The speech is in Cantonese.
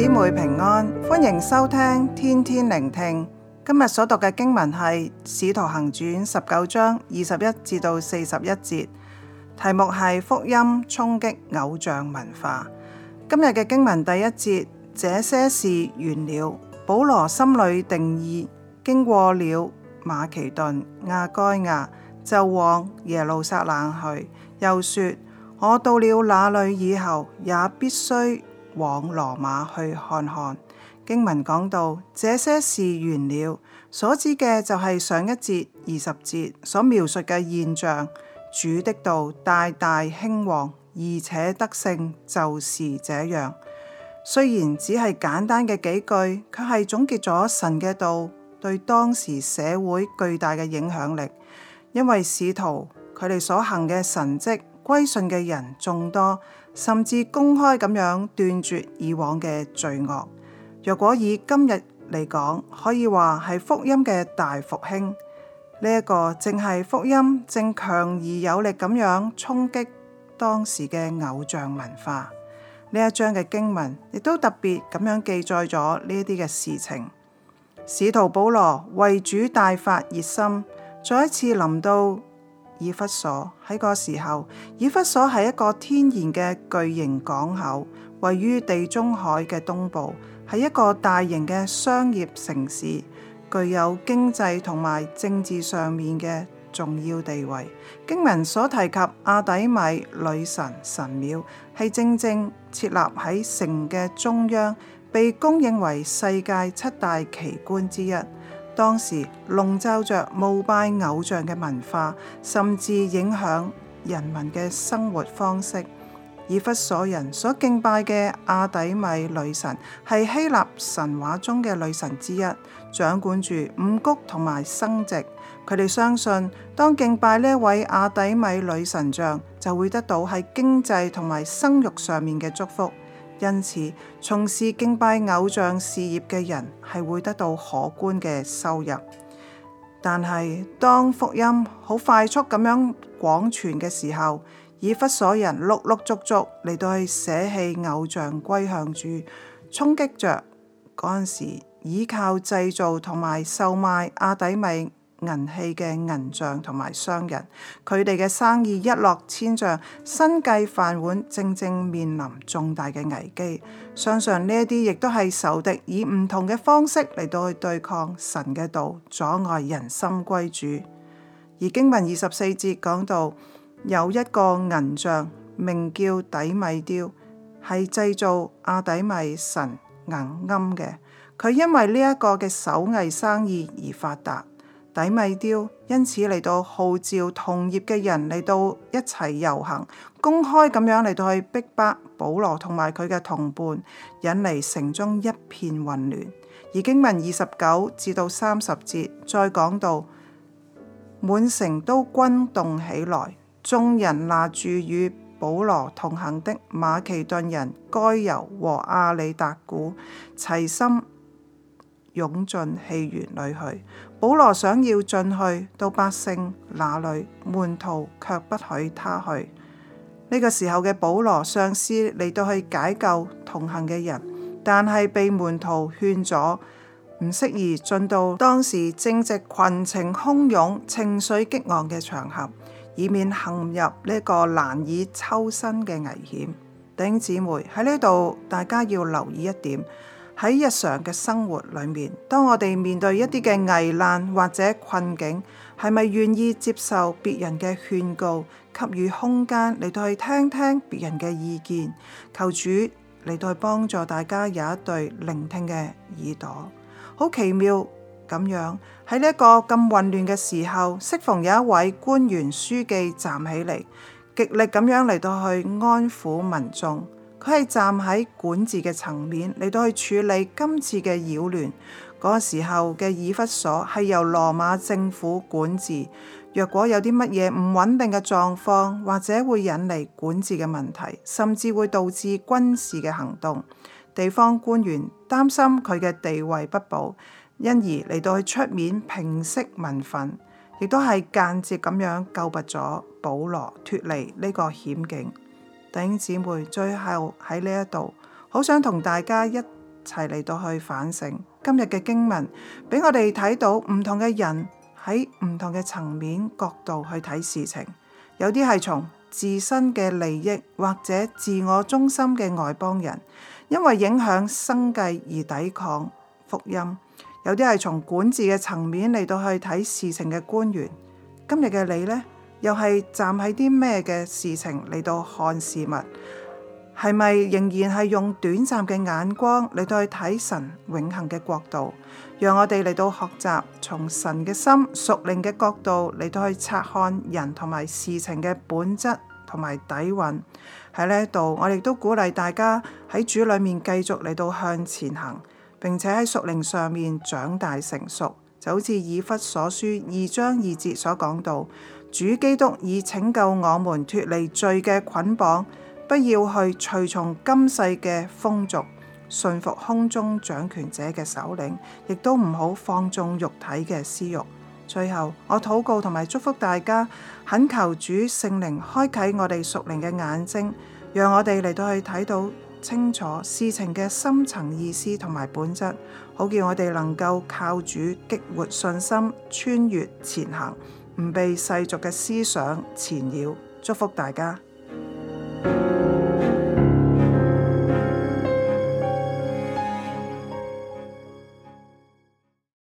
姊妹平安，歡迎收聽天天聆聽。今日所讀嘅經文係《使徒行傳》十九章二十一至到四十一節，題目係《福音衝擊偶像文化》。今日嘅經文第一節，這些事完了，保羅心裏定意，經過了馬其頓、亞該亞，就往耶路撒冷去。又說，我到了那裏以後，也必須。往羅馬去看看，經文講到這些事完了，所指嘅就係上一節二十節所描述嘅現象，主的道大大興旺，而且得勝就是這樣。雖然只係簡單嘅幾句，卻係總結咗神嘅道對當時社會巨大嘅影響力，因為使徒佢哋所行嘅神蹟。歸順嘅人眾多，甚至公開咁樣斷絕以往嘅罪惡。若果以今日嚟講，可以話係福音嘅大復興。呢一個正係福音正強而有力咁樣衝擊當時嘅偶像文化。呢一章嘅經文亦都特別咁樣記載咗呢一啲嘅事情。使徒保羅為主大發熱心，再一次臨到。以弗所。喺個時候，以弗所係一個天然嘅巨型港口，位於地中海嘅東部，係一個大型嘅商業城市，具有經濟同埋政治上面嘅重要地位。經文所提及亞底米女神神廟，係正正設立喺城嘅中央，被公認為世界七大奇觀之一。當時籠罩着膜拜偶像嘅文化，甚至影響人民嘅生活方式。以弗所人所敬拜嘅亞底米女神，係希臘神話中嘅女神之一，掌管住五穀同埋生殖。佢哋相信，當敬拜呢位亞底米女神像，就會得到喺經濟同埋生育上面嘅祝福。因此，從事敬拜偶像事業嘅人係會得到可觀嘅收入，但係當福音好快速咁樣廣傳嘅時候，以弗所人陸陸續續嚟到去捨棄偶像，歸向主，衝擊着嗰陣時，倚靠製造同埋售賣亞底米銀器嘅銀匠同埋商人，佢哋嘅生意一落千丈，生計飯碗正正面臨重大嘅危機。相信呢一啲亦都係仇敵，以唔同嘅方式嚟到去對抗神嘅道，阻礙人心歸主。而經文二十四節講到，有一個銀匠名叫底米丟，係製造亞底米神銀龕嘅。佢因為呢一個嘅手藝生意而發達。底米丟，因此嚟到號召同業嘅人嚟到一齊遊行，公開咁樣嚟到去逼迫保羅同埋佢嘅同伴，引嚟城中一片混亂。而經文二十九至到三十節，再講到滿城都轟動起來，眾人拿住與保羅同行的馬其頓人該猶和亞里達古，齊心。湧進戲園裏去，保羅想要進去，到百姓那裏，門徒卻不許他去。呢、這個時候嘅保羅嘗試嚟到去解救同行嘅人，但係被門徒勸阻，唔適宜進到當時正值群情洶湧、情緒激昂嘅場合，以免陷入呢個難以抽身嘅危險。弟兄姊妹喺呢度，大家要留意一點。喺日常嘅生活裏面，當我哋面對一啲嘅危難或者困境，係咪願意接受別人嘅勸告，給予空間嚟到去聽聽別人嘅意見？求主嚟到去幫助大家有一對聆聽嘅耳朵。好奇妙咁樣，喺呢一個咁混亂嘅時候，適逢有一位官員書記站起嚟，極力咁樣嚟到去安撫民眾。佢係站喺管治嘅層面嚟到去處理今次嘅擾亂。嗰時候嘅以弗所係由羅馬政府管治，若果有啲乜嘢唔穩定嘅狀況，或者會引嚟管治嘅問題，甚至會導致軍事嘅行動，地方官員擔心佢嘅地位不保，因而嚟到去出面平息民憤，亦都係間接咁樣救拔咗保羅脫離呢個險境。弟兄姊妹，最後喺呢一度，好想同大家一齊嚟到去反省今日嘅經文，俾我哋睇到唔同嘅人喺唔同嘅層面角度去睇事情。有啲係從自身嘅利益或者自我中心嘅外邦人，因為影響生計而抵抗福音；有啲係從管治嘅層面嚟到去睇事情嘅官員。今日嘅你呢？又係站喺啲咩嘅事情嚟到看事物，係咪仍然係用短暫嘅眼光嚟到去睇神永恆嘅國度？讓我哋嚟到學習從神嘅心、屬靈嘅角度嚟到去察看人同埋事情嘅本質同埋底蘊喺呢一度。我亦都鼓勵大家喺主裏面繼續嚟到向前行，並且喺屬靈上面長大成熟，就好似以弗所書二章二節所講到。主基督已拯救我們脫離罪嘅捆綁，不要去隨從今世嘅風俗，順服空中掌權者嘅首領，亦都唔好放縱肉體嘅私欲。最後，我禱告同埋祝福大家，懇求主聖靈開啟我哋屬靈嘅眼睛，讓我哋嚟到去睇到清楚事情嘅深層意思同埋本質，好叫我哋能夠靠主激活信心，穿越前行。唔被世俗嘅思想纏繞，祝福大家。